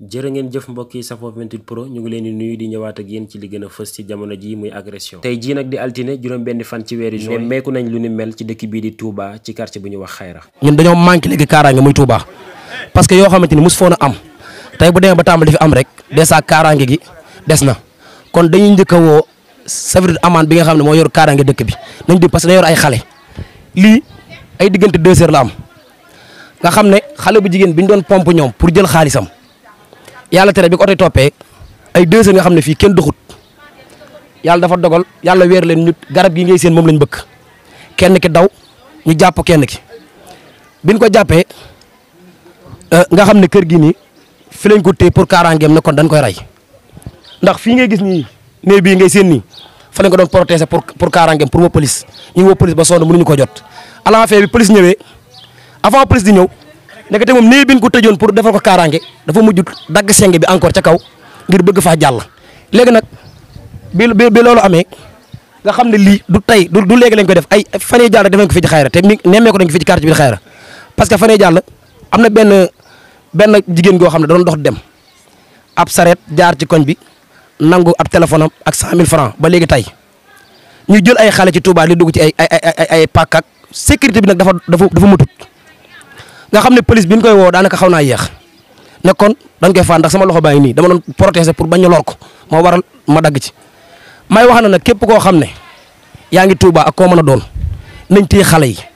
jërë ngeen jëf mbokk sa safoo 28 pro ñu ngi leen di nuyu di ñëwaat ak yéen ci li gën a fës ci jamono ji muy agression tey jii nag di altine juróom-benn fan ci weeri juin meeku nañ lu ni mel ci dëkk bii di Touba ci quartier bu ñu wax Xayra ñun dañoo manqué léegi kaaraange muy Touba parce que yoo xamante ni mos foon a am tey bu demee ba tàmbali fi am rek dèjà kaaraange gi des na kon dañuy njëkk a woo service amende bi nga xam ne moo yor kaaraange dëkk bi nañ di parce que dañu ay xale lii ay diggante deux heures la nga xam ne xale bu jigéen bi ñu doon pompe ñoom pour jël xaalisam yàlla tere bi ko oto toppee ay deux heures nga xam ne fii kenn doxut yàlla dafa dogal yàlla weer leen ñu garab gi ngay seen moom lañ bëgg kenn ki daw ñu jàpp kenn ki biñ ko jàppee euh, nga xam ne kër gi nii fi lañ ko te pour kaarangeem ne kon dañ koy rey ndax fii ngay gis nii néew bii ngay seen nii fa lañ ko doon protéger pour pour kaaraangeem pour woo police ñu ngi woo police ba sonn ñu ko jot à la fin police ñëwee avant police di ñëw. ndekete moom néeg bi ñu ko tëjoon pour dafa ko kaaraange dafa mujj dagg senge bi encore ca kaw ngir bëgg faa jàll. léegi nag bi bi loolu amee nga xam ne lii du tey du du léegi lañ ko def ay fan yii jàll def nañ ko fii ci xayra te nemmee ko dañ ko fii ci parce que fan yii jàll am na benn benn jigéen goo xam ne doon dox dem ab sareet jaar ci koñ bi nangu ab téléphone am ak 100000 francs ba léegi tey ñu jël ay xale ci Touba yi dugg ci ay ay ay ay sécurité bi nag dafa dafa dafa matut nga xam ne police bi ñu koy woo daanaka xaw naa yéex ne kon dañ koy faat ndax sama loxo baa ngi nii dama doon protéger pour bañ a lor ko moo waral ma dagg ci. may wax na nag képp koo xam ne yaa ngi Touba ak koo mën a doon nañ téye xale yi